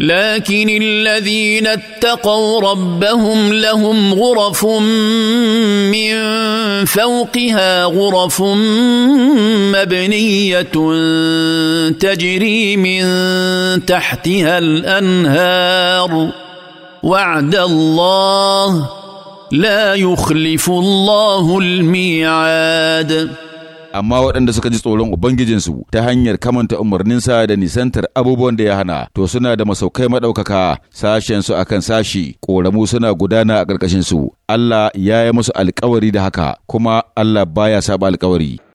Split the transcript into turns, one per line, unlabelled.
لكن الذين اتقوا ربهم لهم غرف من فوقها غرف مبنيه تجري من تحتها الانهار وعد الله لا
يخلف الله الميعاد amma waɗanda suka ji tsoron ubangijinsu ta hanyar kamanta umarninsa da nisantar abubuwan da ya hana to suna da masaukai maɗaukaka sashen su akan sashi ƙoramu suna gudana a ƙarƙashin su Allah ya yi musu alƙawari da haka kuma Allah baya saba alƙawari.